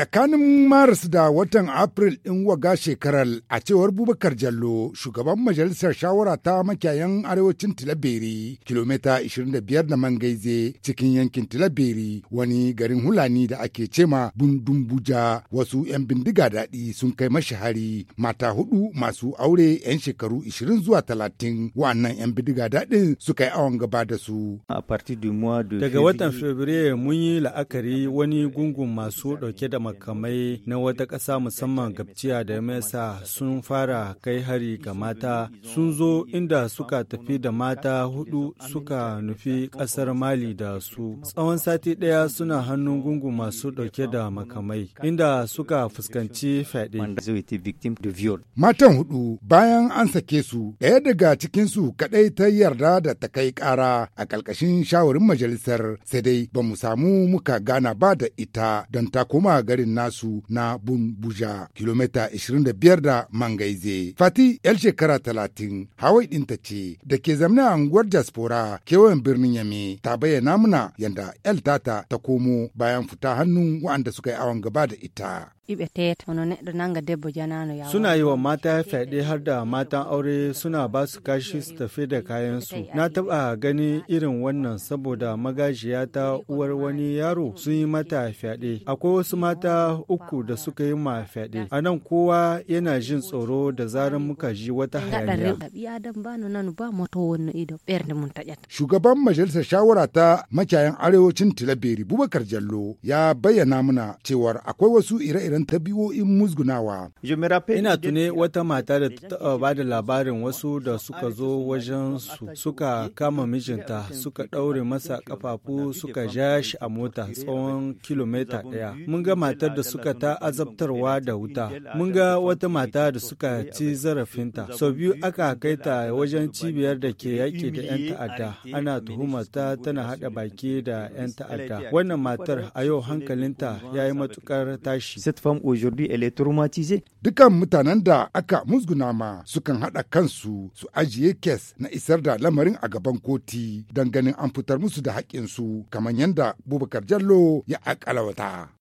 Tsakanin Maris da watan Afril ɗin waga shekarar a cewar Bubakar Jallo, shugaban majalisar shawara ta makiyayan arewacin Tilaberi, kilomita 25 da Mangaize cikin yankin Tilaberi, wani garin Hulani da ake cema Bundumbuja, wasu 'yan bindiga daɗi sun kai mashahari mata hudu masu aure 'yan shekaru 20 zuwa 30, wa'annan 'yan bindiga daɗi suka yi awon gaba da su. Daga watan Fabrairu mun yi la'akari wani gungun masu ɗauke da makamai na wata ƙasa musamman gabciya da mesa sun fara kai hari ga mata sun zo inda suka tafi da mata hudu suka nufi ƙasar mali da su tsawon sati ɗaya suna hannun gungu masu ɗauke da makamai inda suka fuskanci fyaɗe matan hudu bayan an sake su ɗaya daga cikinsu kaɗai ta yarda da ta kai ƙara a ƙarƙashin shawarin majalisar sai dai ba mu samu muka gana ba da ita don ta koma gari labarin nasu na Bunbuja kilomita 25 da Mangaize. Fati yar shekara 30 hawai ɗinta ce da ke zamna a unguwar Jaspora kewayen birnin Yame ta bayyana muna yadda yal tata ta komo bayan fita hannun waɗanda suka yi awon gaba da ita. Suna yi wa mata fyaɗe har da matan aure suna ba su kashi su tafi da kayansu. Na taɓa gani irin wannan saboda magajiya ta uwar wani yaro sun yi mata fyaɗe. Akwai wasu mata uku da suka yi ma fyaɗe. A nan kowa yana jin tsoro da zarar muka ji wata hayaniya. Shugaban majalisar shawara ta makiyayan arewacin Tilaberi Bubakar Jallo ya bayyana mana cewar akwai wasu ire-iren ta biyo in musgunawa. Ina tune wata mata da ta taɓa ba da labarin wasu da suka zo wajen su suka kama mijinta suka ɗaure masa ƙafafu suka ja shi a mota tsawon kilomita ɗaya. Mun ga matar da suka ta azabtarwa da wuta. Mun ga wata mata da suka ci zarafinta. Sau biyu aka kai ta wajen cibiyar da ke yaƙi da 'yan ta'adda. Ana tuhumarta tana haɗa baki da 'yan ta'adda. Wannan matar a yau hankalinta ya yi matuƙar tashi. femme aujourd'hui elle est traumatisée. Dukan mutanen da aka musguna ma sukan haɗa kansu su ajiye kes na isar da lamarin a gaban koti dan ganin an fitar musu da haƙƙinsu kamar yadda Bubakar Jallo ya akalawata.